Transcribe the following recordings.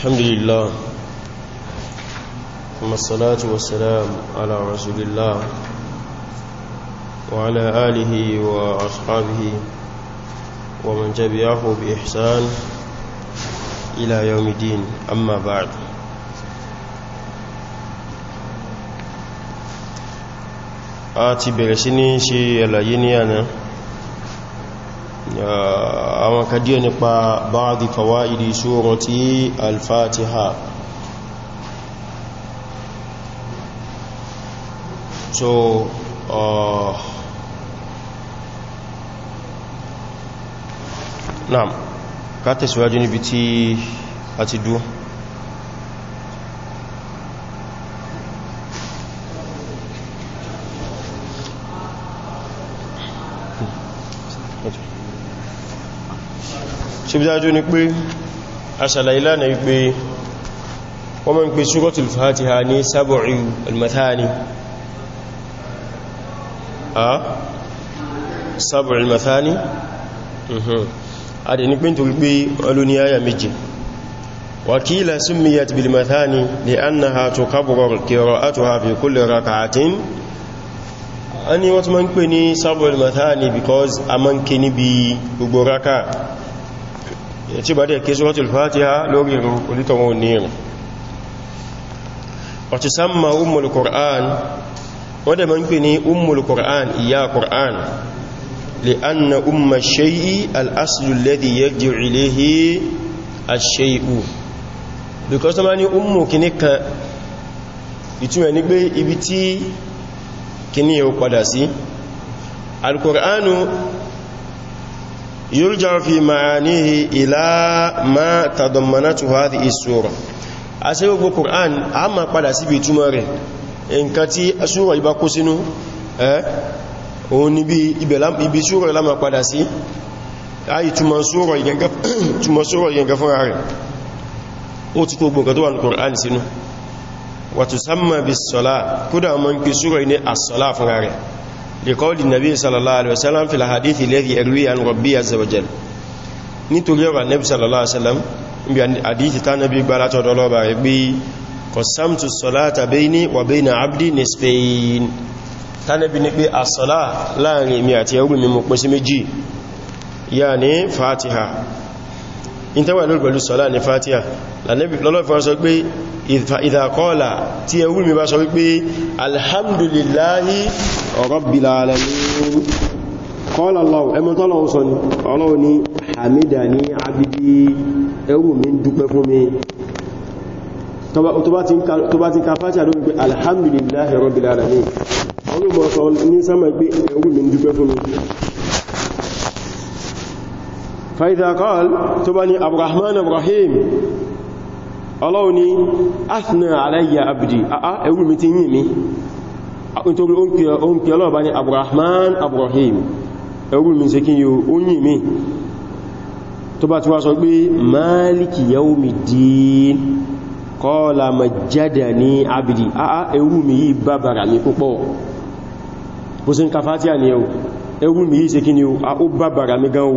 الحمد لله ثم الصلاة والسلام على رسول الله وعلى آله وأصحابه ومن تبعه بإحسان إلى يوم الدين أما بعد آتي برسيني شيء sí ينيانا آه، àwọn kan díẹ̀ nípa báàdì fawaidi sóòrùn tí al so uh, naam ká tẹ̀síwájú níbi tí a ti dúó ṣe bí dájú ní pé aṣàlá ìlànà wípé wọ́n mọ́ ń pè ṣúgọ́tul fatiha ní sábọ̀rí almathani a sábọ̀rí almathani mhm. a dẹ̀ ní pé nítorí pé ọlóní ayà méje wakila summiyat bil mathani li annaha tukabbaru qira'atuha fi kulli rak'atin a ní wọ́n tún mọ́ ń pè ní sábọ̀rí almathani because a mọ́ ń ké níbi gbogbo raka tí bá dẹ̀ kí suratul fatiha lórí ìrù onítọ̀wọ̀ onírin wàtí sáàmà ummul qur'an wọ́n dẹ̀ ma ń pè ní ummul qur'an ìyá qur'an lè anna umma shay'i al'aslu lẹ́dí yarji'u ilayhi ash because tó má ní ummu kìní kan ìtumẹ̀ ní pé ibi tí kìní yóò يرجع في معانيه إلى ما تضمنته هذه السورة أسيب القرآن أما قد أسيب تماري إن كتي السورة يبقى سنو òun bí ibi súrọ̀ lámà padà sí ayi túnmọ̀ súrọ̀ ìgẹ̀gẹ̀ fúnra rẹ̀ ó ti kó gbogbo tó wà ní Kùránì sínú wàtùsánmà bí sọ́lá kódà mọ́ ń kí súrọ̀ ní àsọ́lá fúnra rẹ̀ لقول النبي صلى الله عليه وسلم في الحديث الذي أروي عن ربي عز وجل nítorí ọ̀rọ̀ Ànábì sallallahu alaihi wasallam ibi àdíjì tá náà bí gbá látọ̀ ọlọ́bà rẹ̀ pé qasamtu as-salata bayni wa bayna abdi nisfayn tánàbí ní pé as-salat láàrin èmi àti ẹrú mi mú pín sí méjì yà ní fatiha in tẹ́wà lórí pẹ̀lú sọ́lá ní fatiha lọ́lọ́fẹ́ sọ pé ìdàkọ́ọ̀lá tí ẹwú mi bá sọ wípé alhamdulillahi rabbil alamin qala Allah ẹmọ tọ́lọ̀ sọ ni ọlọ́wọ́ ni hamida ní abidi ẹwú mi dúpẹ́ fún mi tó bá ti ka fatiha lórí pé alhamdulillahi rabbil alamin ọlọ́wọ́ sọ ní sámà pé ẹwú mi dúpẹ́ fún mi فإذا قال تبني أبو الرحمن إبراهيم Ọlọ́run ni athna alayya abdi àá ẹ̀rù mi ti yìn mi nítorí o ń pè Ọlọ́run bá ní Abrahman Abrahim ẹ̀rù mi ṣe kí yíò ó yìn mi tó bá ti wá sọ pé maliki yawmiddin qala majjadani abdi àá ẹ̀rù mi yìí bàbàrà mi púpọ̀ bó sí ń ka fátíà ni ẹ̀rù mi yìí ṣe kí ni ó bàbàrà mi gan o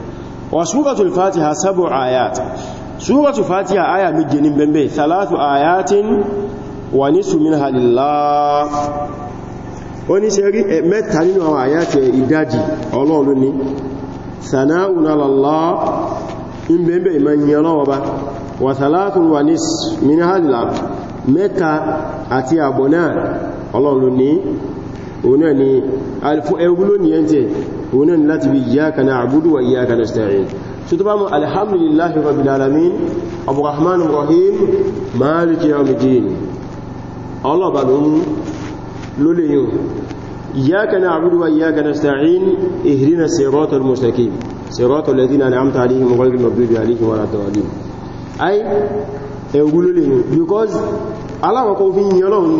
wa suratul fatiha sabu ayat suratul fatiha aya méje ni bembe thalathu ayatin wa nisu minha lillah oni ṣe rí mẹ́ta nínú àwọn ayat e ìdajì Ọlọ́run ni sana'un ala allah in bembe man yan Ọlọ́run ba wa thalathun wa nis tẹ́ òun náà láti fi iyyaka na'budu wa iyyaka nasta'in tó tó bá mọ̀ alhamdulillahi rabbil alamin ar-rahman ar-rahim maliki yawmiddin ọlọ́ọ̀bà ló mú ló lè yíò iyyaka na'budu wa iyyaka nasta'in ihdina siratal mustaqim siratal ladhina an'amta alaihim ghayril maghdubi alaihim waladdallin ay ẹ̀wú ló lè yìn because aláwọ̀kọ́ òfin yìn ọlọ́run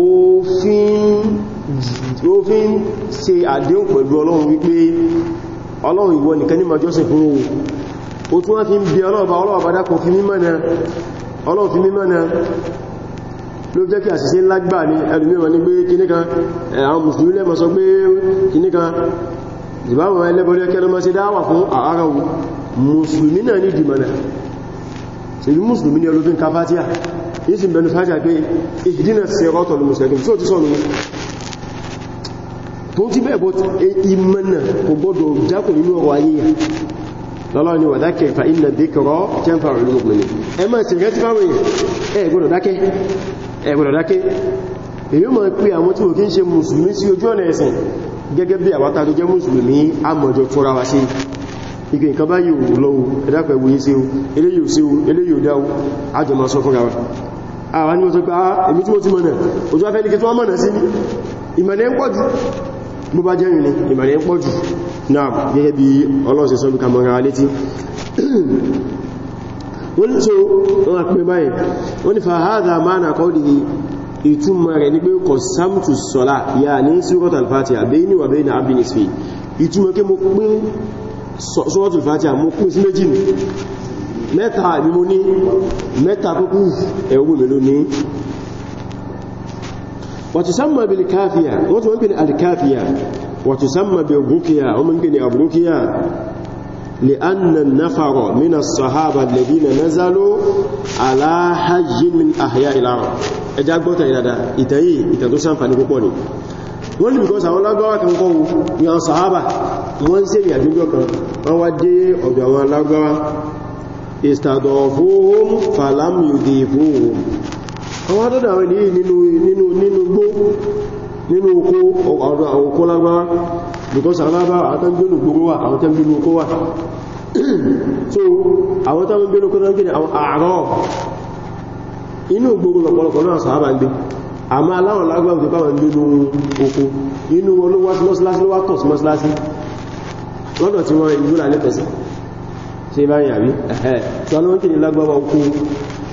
òfin ó fi ń ṣe àdéhùn pẹ̀lú ọlọ́run wípé ọlọ́run ìwọ nìkan ní majọ́sìn fún o ó tún wá fi ń bí ọlọ́ọ̀bá ọlọ́ọ̀bá dákùn fi mímọ̀ náà ọlọ́run fi mímọ̀ náà ló jẹ́ kí àṣìṣe lágbà ní ẹlùmíwọ̀n ní pé kíníkan àwọn mùsùlùmí lẹ́mọ̀ sọ pé kíníkan ìbáwọn ẹlẹ́bọ̀lẹ́ kẹlọmọ́ sí dáwà fún àárá mùsùlùmí náà ní ìdìmọ̀nà ìlú mùsùlùmí ní olófin kafatia ìsìn bẹnu fájá pé ìdínà sí ọ̀tọ̀lù mùsùlùmí tí ó ti sọ́nù tó ti bẹ́ẹ̀ bó e, ìmọ̀nà kò gbọ́dọ̀ jákò nínú ọrọ̀ ayé lọ́lọ́ ni wàdákẹ̀ fa inna dhikra tanfa'u al-mu'minin ẹ máa sì rẹ́tí fáwọn èèyàn ẹ gbọ́dọ̀ dákẹ́ ẹ gbọ́dọ̀ dákẹ́ èyí mọ̀ pé àwọn tí wọ́n kí ń ṣe mùsùlùmí sí ojú ọ̀nà ẹ̀sìn gẹ́gẹ́ bí àwátá tó jẹ́ mùsùlùmí àmọ̀jọ tóra wa sí ike nǹkan ni wọ́n tó pé ah tí mo ti mọ̀nà ojú afẹ́ ní kí tí wọ́n mọ̀nà sí ní ìmọ̀nà ń pọ̀jù bó bá jẹ́rin ní ìbàrẹ̀ pọ̀ jù náà gẹ́gẹ́ bí ọlọ́sẹ̀ sọ́bí kamara létí wọ́n ní tó wọ́n a pè báyìí wọ́n ní fàhádà máa nà kọ́ dìí ìtumọ̀ rẹ̀ ní pé kọ̀ sọ́lá yà ní na abin ni mo وتسمى بالكافية وتمكن الكافية وتسمى بالركية وممكن الركية لأن النفر من الصحابة الذين نزلوا على حج من أحياء العرب ẹjá gbọ́ta ìdàdà ìtàyí ìtàn tó sánfàní púpọ̀ ni wọ́n ni bíkọ́sà àwọn lágbàwà kan kọ́ ní àwọn sàhábà wọ́n ń sèrì àjújọ kan wọ́n wá dé ọ̀dọ̀ àwọn lágbàwà istadọ̀fóhùn falam yudhifuhum àwọn àtọ́dọ̀ àwọn ènìyàn nínú nínú nínú gbó nínú oko ọ̀dọ̀ àwọn oko lágbára because àwọn lábá àtọ́gbénú gbogbo wà àwọn tẹ́gbénú oko wà so àwọn tẹ́gbénú oko náà gẹ́ni àwọn àárọ̀ inú gbogbo lọ̀pọ̀lọpọ̀ náà sàábà ń gbé àmá aláwọn lágbàmù tó báwọn nínú oko inú wọn ló wá sí mọ́sílásí ló wá tọ̀ sí mọ́sílásí lọ́dọ̀ tí wọ́n ìlú là nífẹ̀ẹ́sí ṣe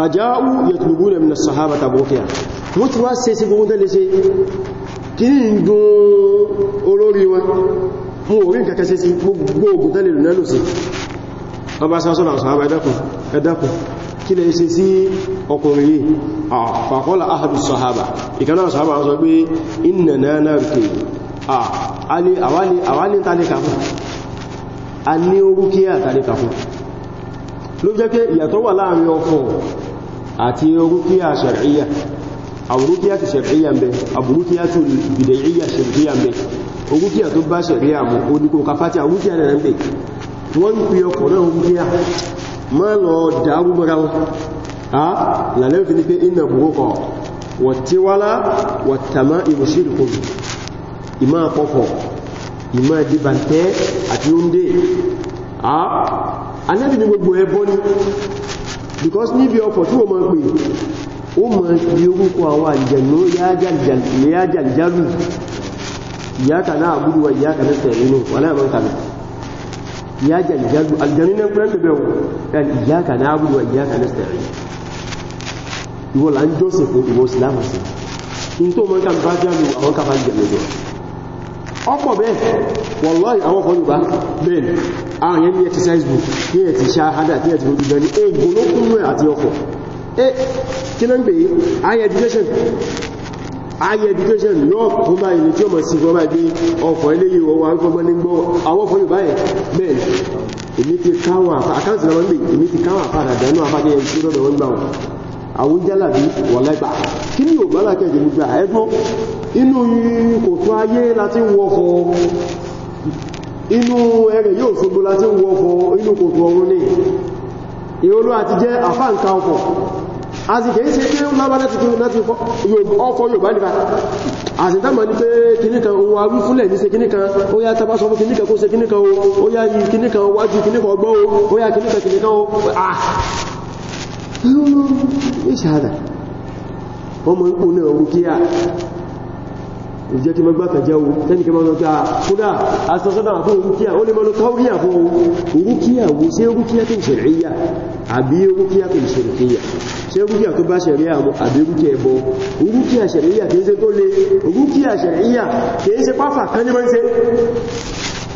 fàjáú yẹtùlùbúnà mìnà sàhábà tàbókíà wọ́n ti wá ṣe sí gbogbo tẹ́lẹ̀ ṣe kí ní dùn olórí wọn mú orí kẹ́kẹ́ sí gbogbo ogun tẹ́lẹ̀ lù nẹ́lù sí ọba sásọ́lá sàhábà ẹ̀dàkùn ẹ̀dàkùn kí lẹ́ ṣe sí ọkùnrin yìí fàkọ́lá ahàdù sàhábà ìkanáà sàhábà sọ pé inna náà rìkè àwálé jẹ́ pé ìyàtọ̀ wà láàrin ọkọ̀ àti rúkíyà ṣar'íyà àwọn rúkíyà ti ṣar'íyà bẹ àwọn rúkíyà tó bìdẹ̀yà ṣar'íyà bẹ rúkíyà tó bá ṣar'íyà mú ó ní kò ka fati àwọn rúkíyà náà bẹ wọ́n ń pè ọkọ̀ náà rúkíyà má lọ dárú mọ́ra wọn a lálẹ́ fi ní pé iná burúkọ because níbi ọkọ̀ tí ó mọ́ pé ó mọ́ bí orúkọ àwọn àjẹ̀nú yájàjálù ìyáka náà gúrùwà ìyáka náà tẹ̀lé ní wàláàmọ́ kàmì yájàjálù aljẹ̀nú náà kúrẹ́ lẹ́bẹ̀wò ìyáka náà gúrùwà ìyáka náà tẹ̀lé ìwọ̀lá ń jọ́sìn fún ìwọ̀ sílámàsì in tó mọ́ kàmì bá jálù ọ̀pọ̀ bẹ́ẹ̀ wọ̀lọ́ì àwọn ọkọ̀ yorùbá bẹ́ẹ̀ àwọn yẹn ní exercise book ní ẹ̀ ti ṣáhádà ní ẹ̀ ti rojú bẹ́ẹ̀ ní egun ló kún rẹ̀ àti ọkọ̀ e kí ló ń gbé higher education higher education náà kó máa ilé tí ó mọ̀ sí fọ́ máa gbé ọkọ̀ eléyìí wọ́n wá ń fọ́gbọ́n ní gbọ́ àwọn ọkọ̀ yorùbá yẹn bẹ́ẹ̀ èmi ti káwọn àkáǹtì náà àwọn jálàbí wọ̀lẹ́gbà kí ní ògbà lákẹ́jì gbogbo ẹ̀dùn inú kò tó ayé láti wọ́fọ́ inú ẹ̀rẹ̀ yóò ṣogbo láti wọ́fọ́ inú kò tó ọrún ní ìrọlú àti jẹ́ àfáǹkà ọkọ̀ a sì kìí ṣe pé lábádá ti kìí láti ọkọ̀ yóò bá nípa àṣìtàmà ní pé kìníkan ohun awí fúnlẹ̀ ní ṣe kìníkan ó yá tàbá sọ fún ايش هذا ọmọ ń kún náà rúkíyà ìjẹ́ kí mọ́gbà kàjẹ́ o tẹ́lì kí mọ́gbà kàjẹ́ ah, kúrò asọ́sọ́dá àfún rúkíyà ó lè mọ́ lọ́kọ́ríyà fún rúkíyà wo ṣe rúkíyà tó ṣẹ̀ríyà àbí rúkíyà tó ṣẹ̀ríyà ṣe rúkíyà tó bá ṣẹ̀ríyà mọ́ àbí rúkíyà ẹbọ rúkíyà ṣẹ̀ríyà kìí ṣe tó le ṣe páfà kan ní mọ́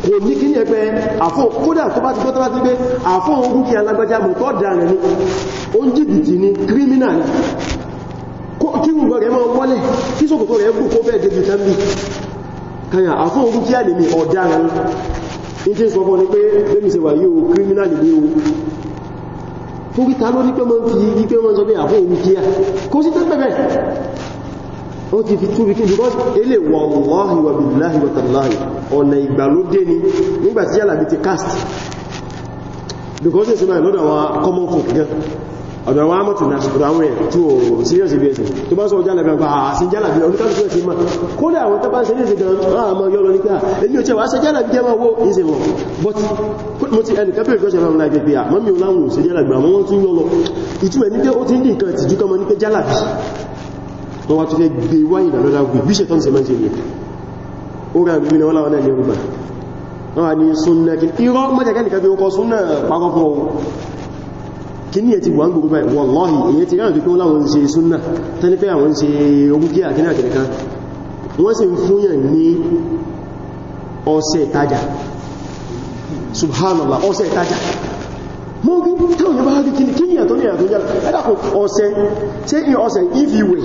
kò ní kí ní ẹgbẹ́ àfún kódà tó bá ti gbọ́ tó bá ti gbé àfún ohun dúkìá lágbàjá mọ̀ tó dára ní ó ń jìbìtì ní kírímínà ní kí gbogbo rẹ̀ mọ́ wọ́lẹ̀ kí sókòtò rẹ̀ kú kó fẹ́ débi tán bí kanyà àfún ohun dúkìá lè mi ọ̀dára ní o torí ta ló ní pé mọ́ ń fi yí pé wọ́n sọ pé àfún ohun ó ti fi túbi kí because ele wallahi wa billahi wa tallahi ọ̀nà ìgbàlódé ni nígbàtí Jalabi ti cast because ẹ̀sìn báyìí lọ́dọ̀ àwọn common folk gan ọ̀dọ̀ àwọn amọ́tù náà ọ̀dọ̀ àwọn ẹ̀ serious ibi ẹ̀sìn tó bá sọ Jalabi ọgbà àṣí Jalabi oníkàlùkù ẹ̀sìn ma kódà àwọn tó bá ṣe ah, ní ìsìnkà àmọ́ yọ́ lọ nípa èyí ò tẹ́ wá ṣe Jalabi jẹ́ máa but mo ti ẹnì kẹ́bẹ̀rẹ̀ kọ́ṣẹ̀ fẹ́mọ́ láì pẹ̀pẹ̀ àmọ́ mi ò láwọn òṣèjálàgbà wọ́n tún yọ́ lọ ìtumẹ̀ ní pé ó ti ń tó wá tó fẹ́ gbé wáyìn lọ́lá gbé bí ṣe tán se mẹ́jẹ ní ó rẹ̀ àgbé náà láwọn ẹ̀lẹ́ rúgbà wọ́n ni súnnà kí irọ́ mọ́jẹ̀kẹ́ nìkan bí ó kọ súnnà pàkọ́ fún ohun kí ní ẹ̀tì wọ́n gbogbo báyìí wọ́lọ́hì èyí ti ráàdù pé wọ́n láwọn ṣe súnnà tẹ́lẹ́fẹ́ àwọn ṣe ogúgí àkínà kìrìká wọ́n sì ń fúnyàn ní ọṣẹ ìtajà subhanallah ọṣẹ ìtajà mọ́gbí táwọn yẹ bá rí kí ní àtọ́ ní àtọ́jà ẹ̀dàkùn ọṣẹ tí ọṣẹ ìfìwẹ̀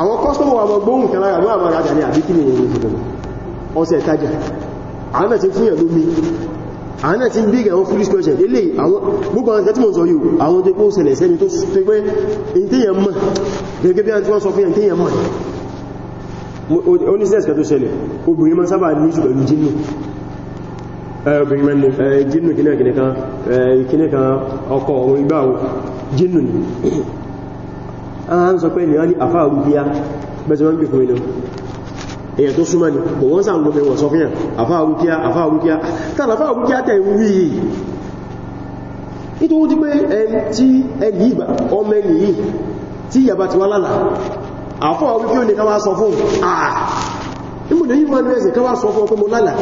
àwọn kọ́sùmù wà mọ̀ gbóhùn kan lára mọ́ àmọ́ rájà ní àbíkí ní èyí ìfẹ́ ọ̀sẹ̀ ìtajà àwọn náà ti fún yẹn lómi àwọn náà ti ń bí àwọn foolish question lélè àwọn gbogbo àwọn tẹ́tí mọ̀ sọ yìí àwọn tó kó ṣẹlẹ̀ sẹ́ni tó pé ìtẹ́yàn mọ̀ gẹ́gẹ́ bí wọ́n sọ fún yẹn ìtẹ́yàn mọ̀ oníṣẹ́ ìṣẹ́ tó ṣẹlẹ̀ obìnrin ma sábà ní ṣù pẹ̀lú jínú obìnrin jínú kìnnìkan ọkọ̀ ọ̀run igbáwó jínú ni àwọn sọ pé ènìyàn ní àfáà rúbíyá bẹ́ẹ̀ tí wọ́n ń pè fún inú èyàn tó súnmọ́ ni kò wọ́n sáà gbogbo ẹ̀wọ̀n sọ fíyàn àfáà rúbíyá àfáà rúbíyá tààlà àfáà rúbíyá tẹ̀ ń wí yìí nítorí ti pé ẹni tí ẹni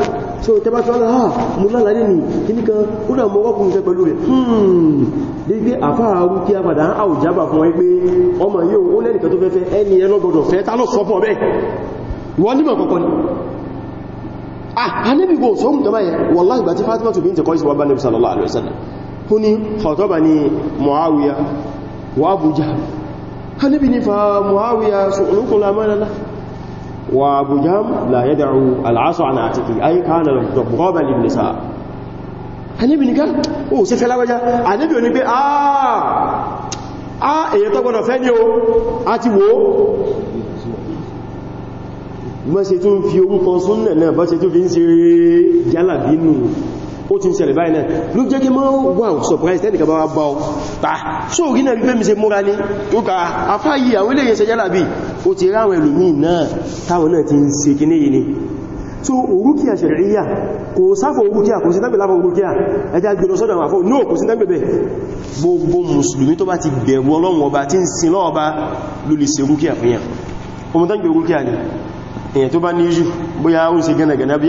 so tẹba tí wọ́n lọ ah mú lálà ní ní kíní kan ó dà mọ́ ọkùnrin tẹ pẹ̀lú rẹ̀ hmm dégbé àfáà rú kí a padà ń àwùjábà fún ẹ pé ọmọ yóò ó lẹ́nìkan tó fẹ́fẹ́ ẹni ẹlọ́gbọ̀dọ̀ fẹ́ tá lọ sọ fún ọbẹ̀ ah anẹ́bí kò sọ́hùn tọ́bá yẹ wọ́n láìgbà tí Fatima tó bí ń tẹ̀kọ́ ìsìnkú ọba nẹ́bí sallallahu alaihi wasallam ó ní fọ̀tọ́bà ni Muawiya wa Abu وابو جام لا يدعو العصا عن عاتقه اي كان غضبا للنساء àníbì ní ká o sí fẹ́ lágbàjá àníbì ò ní pé àà èyẹ tó gbọ́nà fẹ́ ní o a ti wò ó mọ́ sí fi orúkọ súnnà náà bọ́ sí tún fi ń ṣe jálàbínú ó ti ń ṣẹlẹ̀ báyìí náà ló jẹ́ kí máa wà surprise tẹ́nìkan bá wá bá ọ ta ṣó rí náà wípé mi ṣe múra ní tó ka afáyí àwọn ilé ìyẹsẹ̀ yálà bí ó ti ráwọn ẹlòmí náà táwọn náà ti ń ṣe kíní no kò sí tẹ́bẹ̀ bẹ̀ gbogbo mùsùlùmí tó bá ti bẹ̀rù ọlọ́run ọba tí ń sin lọ́wọ́ ni èyàn tó bá ní yíṣù bóyá ó ń ṣe gẹ́nàgẹ́nà bí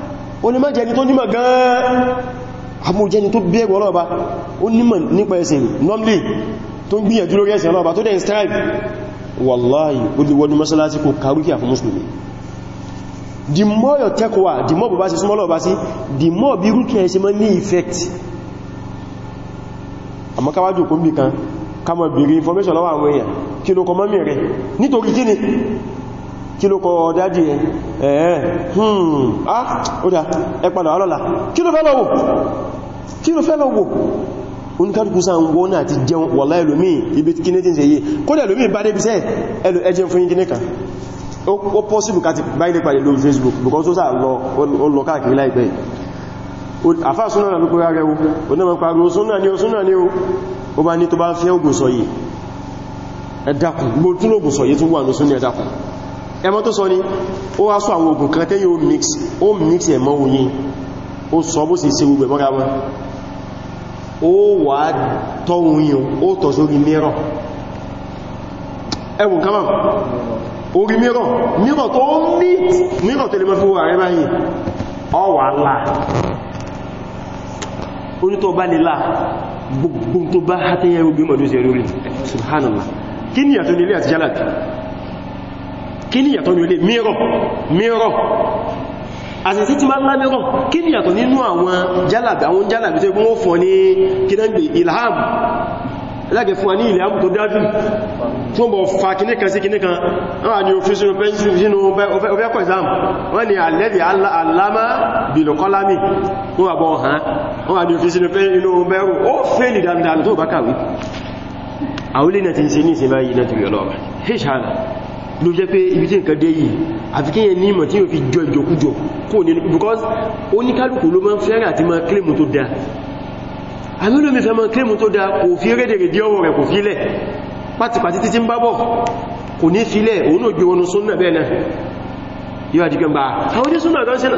o lè má jẹni tó nímọ̀ gan-an àmú jẹni tó bẹ̀rù ọlọ́ọ̀bá ó nímọ̀ nípa ẹ̀sìn normally tó ń gbìyànjú lórí ẹ̀sìn ọlọ́ọ̀bá tó dẹ̀ ń strive wallahi ó lè wọ́n mọ́sálásí kò kàrúkì àfún mùsùlùmí the more your taqwa the more bó bá ṣe súnmọ́ Ọlọ́run bá sí the more bí rúkì ẹ̀ ṣe mọ́ ní effect àmọ́ ká wá jókòó níbì kan ká má béèrè information lọ́wọ́ àwọn èèyàn kí ló kọ mọ́mí rẹ̀ nítorí kí ni kí ló kọ dájì ẹ ẹ̀ẹ́ hmm ah ó dá ẹ padà alọ́la kí ló fẹ́ lọ wò kí ló fẹ́ lọ wò oníkàdùkúsá ń wọ́n náà ti jẹun wọ̀lá ẹlòmí ibi kí ní tí ń ṣe yìí kó dẹ̀ lòmí bá dé bí sẹ́ ẹlò ẹjẹ́ fún yínkí nìkan ó Facebook because ó sáà lọ káàkiri láìpẹ́ àfáà súnà náà lókúrá rẹ̀ onímọ̀ pàrọ̀ súnà ní o súnà ní o ó bá ní tó bá fẹ́ ògùn sọ yìí ẹ̀dàkùn gbótúlògùn sọ yìí tún wà ní súnà ẹ̀dàkùn ẹmọ́ tó sọ ní ó wá sọ àwọn oògùn kan tẹ́ yóò mix ó mix ẹ̀mọ́ oyin ó sọ bó sì ṣe gbogbo ẹ̀mọ́ra wọn ó wà tọ́ oyin ó tọ̀ sórí mìíràn ẹwùn kama orí mìíràn mìíràn tó neat mìíràn tó lè mọ́ fún ààrẹ báyìí ọ wà láà onítọ̀ bá lè láà gbogbo tó bá hátẹ́yẹ ogun mọ̀dún sí ẹ̀rọ subhanallah kí ni àtúnilé àti jálàkì kí ni yàtọ̀ ní olè mírọ̀ mírọ̀ àṣìṣí tí máa ń lámírọ̀ kí ni yàtọ̀ nínú àwọn jálàbí àwọn jálàbí tó kún ó fọ́ ní kínágbé ilham lágẹ̀ fún wa ní ilẹ̀ àbùkù dájú tí ó bọ̀ fa kìníkan sí kìníkan wọ́n ni òfin sínú sínú ọfẹ́kọ̀ exam wọ́n ni alẹ́bì aláàmà bìlọ̀kọ́lámì wọ́n wà bọ̀ hàn wọ́n ni òfin sínú inú bẹ̀rù ó fẹ́ lì dáadáa tó bá kàwé àwílé náà ti ń se ní ìsinmi ayé náà tó yọ lọ́wọ́ ló jẹ́ pé ibi tí nǹkan dé yìí àti kíyàn ní ìmọ̀ tí yóò fi jọ ìjọkújọ kò ní because oníkálùkù ló máa ń fẹ́rẹ̀ àti máa kílèmù tó dáa àmìlòmí fẹ́ máa kílèmù tó dáa kò fi rédèrèdè ọwọ́ rẹ̀ kò fílẹ̀ pátipàtí títí ń bábọ̀ kò ní fílẹ̀ òun ò gbé náà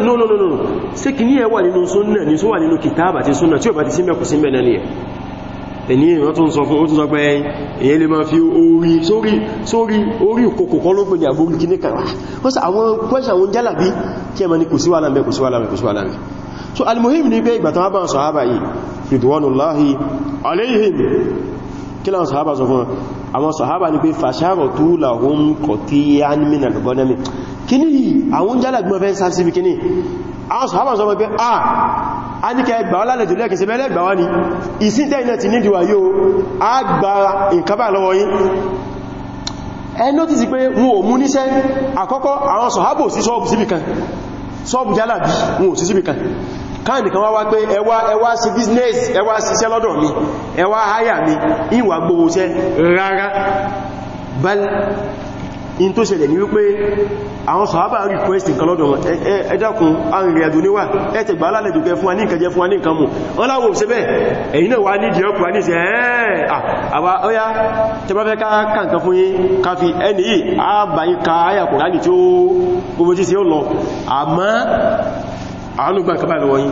no no no no sí kì ní ẹwà nínú súnnà ní tó wà nínú kìtàbà ti súnnà tí ò ẹni èèyàn tó ń sọ fún ó tún sọ pé èyẹ lè máa fi orí sórí sórí orí ìkòkò kan ló pè ní àbórí kí ní kàrà ó sì àwọn pẹ́sì àwọn jálàbí kí ẹmọ ní kò sí wà kò sí wà kò sí wà so almuhim ni pé ìgbàtàn àbá sọ̀hábà yìí ridwanullahi alaihim kí láwọn sọ̀hábà sọ ni pé fàṣàrọ̀ tó làwọn kọ̀ tí a ní mìnà gọ́nẹ́mì kí ní àwọn jálàbí mọ́ fẹ́ sáà síbi kí ní a ní kẹ gbà wá lálejò lẹ́kẹsẹ̀ mẹ́lẹ́ gbà wá ní ìsìn tẹ́ iná ti ní ìdíwà yóò a gba ìkàbà lọ́wọ́ yín ẹ nọ́tìsì pé wọn ò mú níṣẹ́ àkọ́kọ́ àwọn sọ̀hábò si sọ́ọ̀bù síbì kan sọ́ọ̀bù jálàbí wọn ò sí síbì kan káàdì kan wá wá pé ẹwà ẹwà sí business ẹwà síṣẹ́ lọ́dọ̀ mi ẹwà háyà mi ìwà gbowóṣẹ́ rárá bal in tó ṣẹlẹ̀ ní wípé àwọn sọ̀hábà request nǹkan lọ́dọ̀ wọn ẹ dákun arìnrìn àjò níwà ẹ̀tẹ̀gbà alálẹ̀jò kẹ fún wa ní ìkẹjẹ fún wa ní nǹkan mù wọ́n láwọ̀ ṣe bẹ́ẹ̀ ẹ̀yin náà wà ní ìdí ọkùnrin ní ṣe àwà ọya tẹbàfẹ́ ká nǹkan fún yín ká fi ẹni yìí àbáyín ka àyà kùránì tí ó gbogbo tí sí ó lọ àmọ́ àánú gbà nǹkan báyìí lọ́wọ́ yín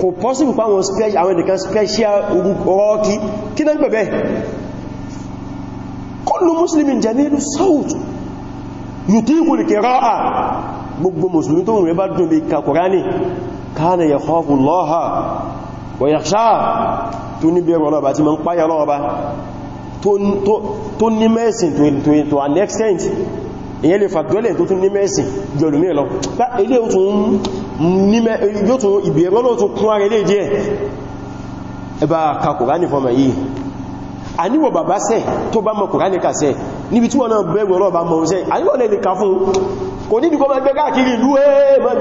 kò possible pa àwọn ẹnìkan special orọ́kí kí náà gbẹ̀bẹ̀ kullu muslimin jamilu sawt yutiqu al-qira'a gbogbo musulmi tó rẹ̀ bá dùn bí kàkùránì kana yakhafu Allaha wa yakhsha tó ní bẹ̀rọ ọlọ́ba tí ma ń páyà ọlọ́ba tó ní mẹ́sìn to ìyẹn lè fàgbọ́lẹ̀ tó tún ní mẹ́sìn jọlù mí lọ bá ilé yóò tún ìbẹ̀rọ ló tún kún ara ilé díẹ̀ ẹba ka kòránì fọmọ yìí a níwọ̀ bàbá sẹ́ tó bá mọ kòránì kàsẹ̀ níbi tí wọ́n náà bẹ̀rù ọlọ́ọ̀bá mọ̀ ṣẹ́ àníwọ̀ lè ká fún kò ní ìdíkọ́ mẹ́gbẹ́ káàkiri ìlú ẹ̀ẹ́mọ́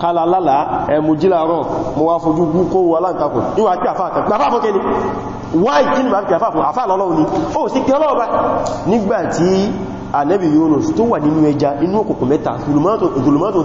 kala lálá ẹmù jí láàárọ̀ mo wá fojú gún kó wọ aláǹtakùn níwà tí àfáà kan gbáfà fún kẹni wáì kí ni wà tí àfáà fún àfáà lọ́lọ́run ni ó sì kí ọlọ́ọ̀bá nígbàtí ànẹ́bì Yunus tó wà nínú ẹja inú òkùnkùn mẹ́ta zulumatun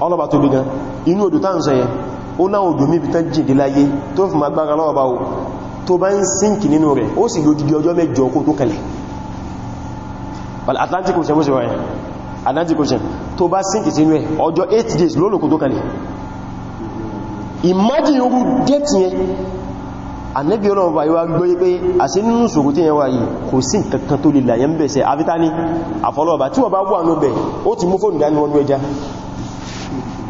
ọlọ́ba tó bí gan inú odò tán sọ yẹn ó láwọn odò míbi tán jìdí láyé tó fi magbára lọ́ọ̀bá o tó bá ń sínkì nínú rẹ̀ ó sì lójúdí ọjọ́ mẹ́jọ kó tó kalẹ̀ days lóòlò kó imagine orú dẹ́tì yẹn anẹ́bí ọlọ́run bá yíwá gbóyé pé àṣí nínú ṣòkò tí yẹn wà yìí kò sí nǹkankan tó lè láyé ń bẹ̀ṣẹ̀ àfitá àfọlọ́ọ̀bá tí wọ́n bá wà ní ọbẹ̀ ó ti mú fóònù dání wọn ní ẹja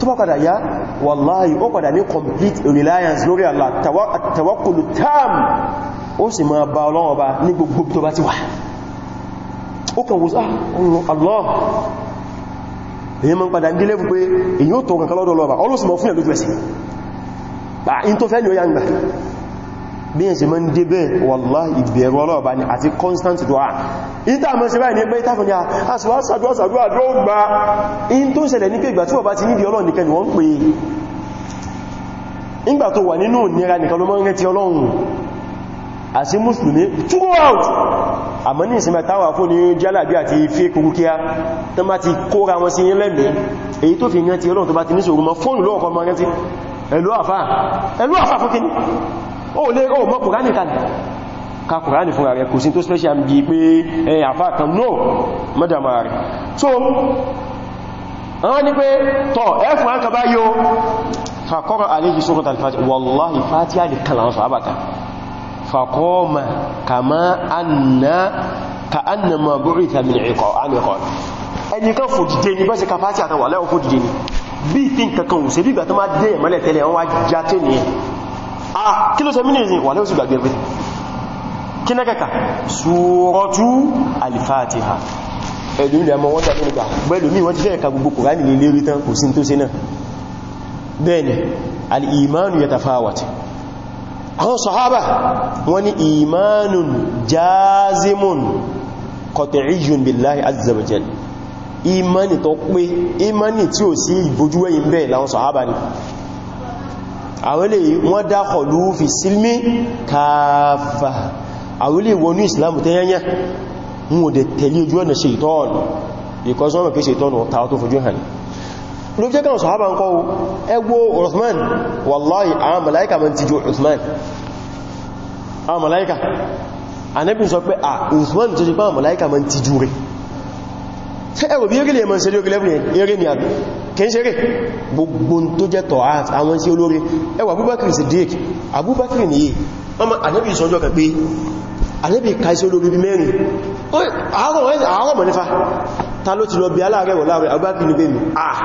tó bá padà yá wàláhì ó padà ní complete reliance lórí Allah tawakkulu tam ó sì máa bá ọlọ́wọ́ bá ní gbogbo tó bá ti wà ó kàn wùsá ah, Allah èyí mọ́ padà ní lẹ́fù pé èyí ó tọ̀rọ̀ kan lọ́dọ̀ lọ́ba ọlọ́sùn mọ́ fún ẹ̀ bí yẹn ṣe mọ́ ń débẹ̀ wọ́lá ìbẹ̀rù ọlọ́ọ̀bá ni àti constant dua ìta mọ́ ṣe báyìí ní pé ìtàfẹ́ ní àṣíwá sàdúwà sàdúwà dúró gbá in tó ṣẹlẹ̀ ní pé ìgbà ni wọ́n pè ìgbà tó wà nínú ìnira nìkan ló mọ́ ń rántí ọlọ́run àti mùsùlùmí throughout àmọ́ ti kóra wọn sí lẹ́mí èyí tó fi rántí ọlọ́run tó bá ti ní ṣòro mọ́ fóònù lọ́ọ̀kọ́ mọ́ rántí ó lè ó mọ́ kùránì kalẹ̀ ká kùránì fún ààrẹ kò sí tó special bí pé ẹ̀yìn àfá kan no mọ́dàmà rẹ̀ so wọ́n ní pé tọ́ ẹ̀fún aka bá yóò fàkọ́rọ̀ àlejì sókòt alfàtí wallahi fàtí àlè kalan sọ àbàkà fàkọ́ọ̀mà kàmá anna ka ma buri ta ẹ̀kọ́ àmìkọ́ ẹni kan fòjìdé ni bẹ́sẹ̀ ka fàtí àtàwà lẹ́wọ́ fòjìdé ni bí kí nkankan ò ah kí ló sọ mí ní ìsìn wà lẹ́wọ́sí gbàgbé pé kí ní kẹka Suratu al-Fatiha ẹ̀dùn ilẹ̀ ọmọ wọ́n tàbí nígbà gbẹ́lú mí wọ́n ti fẹ́ ẹ̀ka gbogbo Kùránì lè lérí tán kò sí tó sí náà bẹ́ẹ̀ni al imani tó pé imani tí ò sí ìbójúwẹ́yìn bẹ́ẹ̀ láwọn sahaba ni àwọn ilé wọ́n dákọ̀lú fi sílmí káàfà àwọn ilé wọnú ìsìlámù tẹ́yẹnyẹ wọn ò dẹ̀ tẹ̀lé ojú ọ̀nà ṣètọ́ọ̀nù because wọ́n mọ̀ pé ṣètọ́ọ̀nù ọ̀ta tó fojú hàn ló jẹ́ Uthman wallahi àwọn màláíkà mọ́ Uthman àwọn màláíkà anẹ́bìn sọ pé à Uthman tó ti ẹ̀rọ bí eré lè mọ̀ sí lórí lẹ́bùn eré ni àbí kì í ṣeré gbogbo tó jẹ́ tọ̀ art àwọn sí olórí ẹwà Abubakar Siddiq Abubakar nìyí ọmọ Ànábì ìṣọ́jọ́ kan pé Ànábì ka iṣẹ́ olórí bí mẹ́rin àárọ̀ mọ̀ nífà ta ló ti lọ bí aláàrẹ̀ wọ̀ láàrẹ̀ Abubakar ní bèmí ah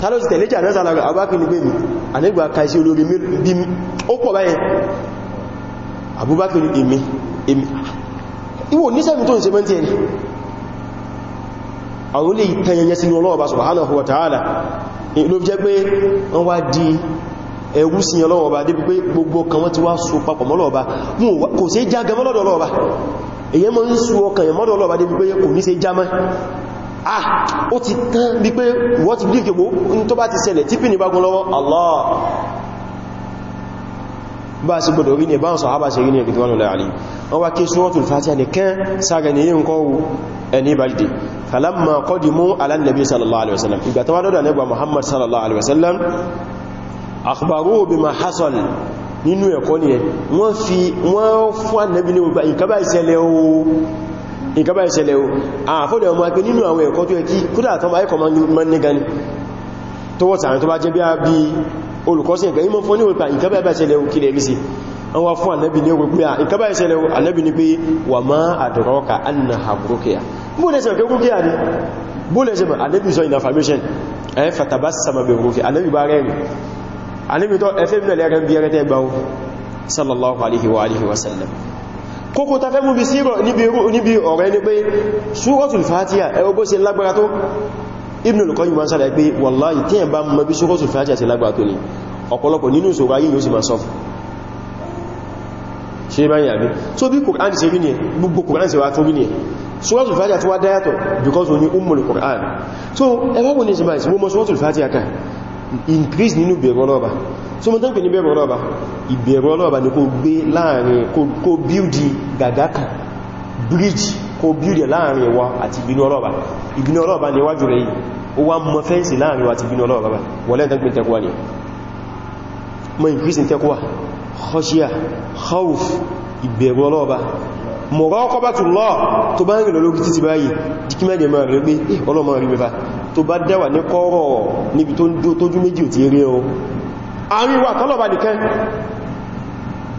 ta ló ti tẹ̀lé jà náà láàrẹ̀ Abubakar ní bèmí Ànábì ka iṣẹ́ olórí bí ó pọ̀ báyẹn Abubakar ní èmi èmi ìwò níṣẹ́mi tó ń ṣe mẹ́ntì ẹni àwọn ilé ìtẹyẹyẹ sínú ọlọ́ọ̀bá subhanahu wa ta'ala ló jẹ́ pé wọ́n wá di ẹ̀wú ọlọ́ọ̀bá pé gbogbo kan wọ́n ti wá so papọ̀ mọ́lọ́ọ̀bá kò sí jágan mọ́lọ́dọ̀ ọlọ́ọ̀bá èyẹ mọ́ ń so ọkàn yẹn mọ́dọ̀ ọlọ́ọ̀bá débi pé kò ní sí jámá ah ó ti tán bí pé wọ́n ti bíkẹ̀ gbó n bá ti ṣẹlẹ̀ tí pìnì bá gún falamma qadimu ala nabi sallallahu alaihi wasallam ìgbà tó wá dọ́dọ̀ nabi muhammad sallallahu alaihi wasallam akhbaruhu bima hasal nínú ẹ̀kọ́ ni wọ́n fi wọ́n fún annabi ní gbogbo nǹkan bá ìṣẹ̀lẹ̀ o nǹkan bá ìṣẹ̀lẹ̀ o àfọ́dẹ̀ ọmọ akẹ́ nínú àwọn ẹ̀kọ́ tó ẹkí kúrò àtọ́mà ẹ̀kọ́ ma ní gani tó wọ́n tààrin tó bá jẹ́ bí a bí olùkọ́sí nǹkan ìmọ̀ fún ní wípa nǹkan an wá fún annabi ní gbogbo nǹkan bá ìṣẹ̀lẹ̀ annabi ní pé wà má àdọ̀rọ̀ka annaha burukiya bóòlẹ́sẹ̀ ọ̀kẹ́ kúkíyà ní bóòlẹ́sẹ̀ mọ̀ anẹ́bí sọ in affirmation ẹ fàtàbá sàmàbẹ̀ òkè anẹ́bí bá rẹ̀ rí anẹ́bí tó ẹfẹ́ mílẹ̀ rẹ̀ bí ẹrẹ́tẹ́ gbáwó sallallahu alaihi wa alihi wa sallam kókó ta fẹ́ mú bí sírọ̀ níbi ọ̀rẹ́ ní pé ṣúrọ̀tùl fatiha ẹ wo bó ṣe lágbára tó Ibn al-Qayyim ma ń sálẹ̀ pé wallahi tí ẹ bá mọ́ bí ṣúrọ̀tùl fatiha ṣe lágbára tó ní ọ̀pọ̀lọpọ̀ nínú ìṣòro ayé yóò sì máa sọ́fù ṣe báyìí àbí so bí Kùránì ṣe rí ní ẹ̀ gbogbo Kùránì ṣe wá tó rí ní ẹ̀ Suratul Fatiha tó wá dáyàtọ̀ because o ní ummul Qur'an so ẹwọ́wọ́ ní ṣe báyìí mo mọ́ Suratul Fatiha kan increase nínú bẹ̀rù ọlọ́ọ̀bá so mo tán pè ní bẹ̀rù ọlọ́ọ̀bá ìbẹ̀rù ọlọ́ọ̀bá ni kó gbé láàrin kó build gàgá kan bridge kó build láàrin wa àti ìbínú ọlọ́ọ̀bá ìbínú ọlọ́ọ̀bá ni wájú rẹ̀ yìí ó wá mọ́ fẹ́ǹsì láàrin wa àti ìbínú ọlọ́ọ̀bá wọ́lẹ́ tán khashiya khawf ìbẹ̀rù ọlọ́ọ̀bá muraqabatullah tó bá ń rìn lórí títí báyìí jíkí mẹ́rin máa rẹ̀ pé ọlọ́mọ rí mẹ́fà tó bá dẹ́wà ní kọ́rọ̀ níbi tó ń dó tójú méjì ò ti rí ọ àríwà tọ́lọ̀bá nìkan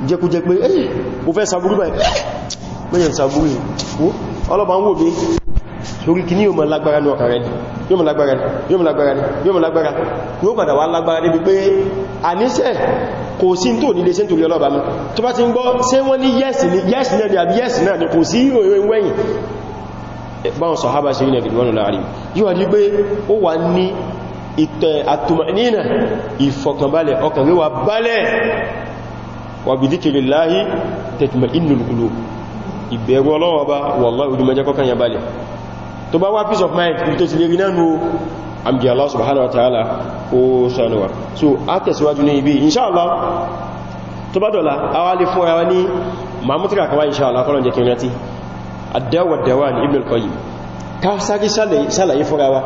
jẹkújẹ pé ẹ́ o fẹ́ sàbúrú báyìí mẹ́yẹn sàbúrú ọlọ́bàá ń wò kò sí tó nílé sí nítorí ọlọ́ba mọ́ tó bá ti ń gbọ́ ṣé wọ́n ní yẹ́sì ní yẹ́sì náà ni àbí yẹ́sì náà ni kò sí ìròyìn wẹ́yìn báwọn sọ̀hábà ṣe yínà ìdíwọ́nù láàrin yíwa ní pé ó wà ní ìtẹ̀ àtùmọ̀nínà ìfọ̀kànbalẹ̀ ọkàn wíwà balẹ̀ wà bí díkìrì láàáyí tẹ̀tùmọ̀ inú lùkúlù ìbẹ̀rù ọlọ́wọ́ba wọ́lọ́ ìdúmọ̀jẹ́ kọkàn ya balẹ̀ tó bá wá peace of mind kó ṣànúwà so a tẹ̀síwájú ní ibi inṣáàlá tó bá dọ̀la a wá lè fún ara ní mamutra kawai inṣáàlá kọ́lọ̀ jẹ́ kìrìnàtí àdáwàdáwà ní Ibn al-Qayyim ká sáré sálàyé fúnra wa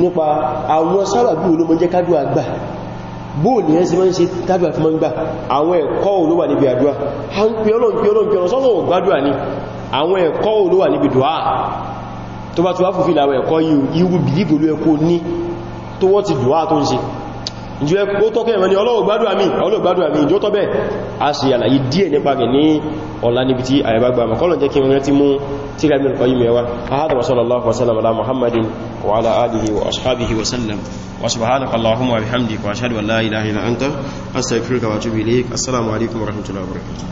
nípa àwọn sábàbí olómọ jẹ́ kádùá gbà bóòlì ẹ́ sí máa ń ṣe tàbíà fi máa ń gbà àwọn ẹ̀kọ́ olówà níbi àdúwà a ń pè ọlọ́n pè ọlọ́n pè ọlọ́n sọ́lọ́wọ̀ gbádùà ní àwọn ẹ̀kọ́ olówà níbi dùá tó bá tó wá fòfin àwọn ẹ̀kọ́ yìí you will believe olú tó wọ́n ti dùwá tó ń ṣe ìjú ẹkùn tó kẹrẹ ní Ọlọ́run gbádùn àmì Ọlọ́run gbádùn àmì ìjọ tọ́bẹ̀ a sì àlàyé díẹ̀ nípa rẹ̀ ní ọ̀la níbi tí àyàbágbà mọ̀kọ́lọ̀ jẹ́ kí wọ́n ti mú tí rẹ̀ mìírànkọ́ yìí mẹ́wàá ahadu sallallahu ala muhammadin wa ala alihi wa ashabihi wa sallam wa alaikum wa rahmatullahi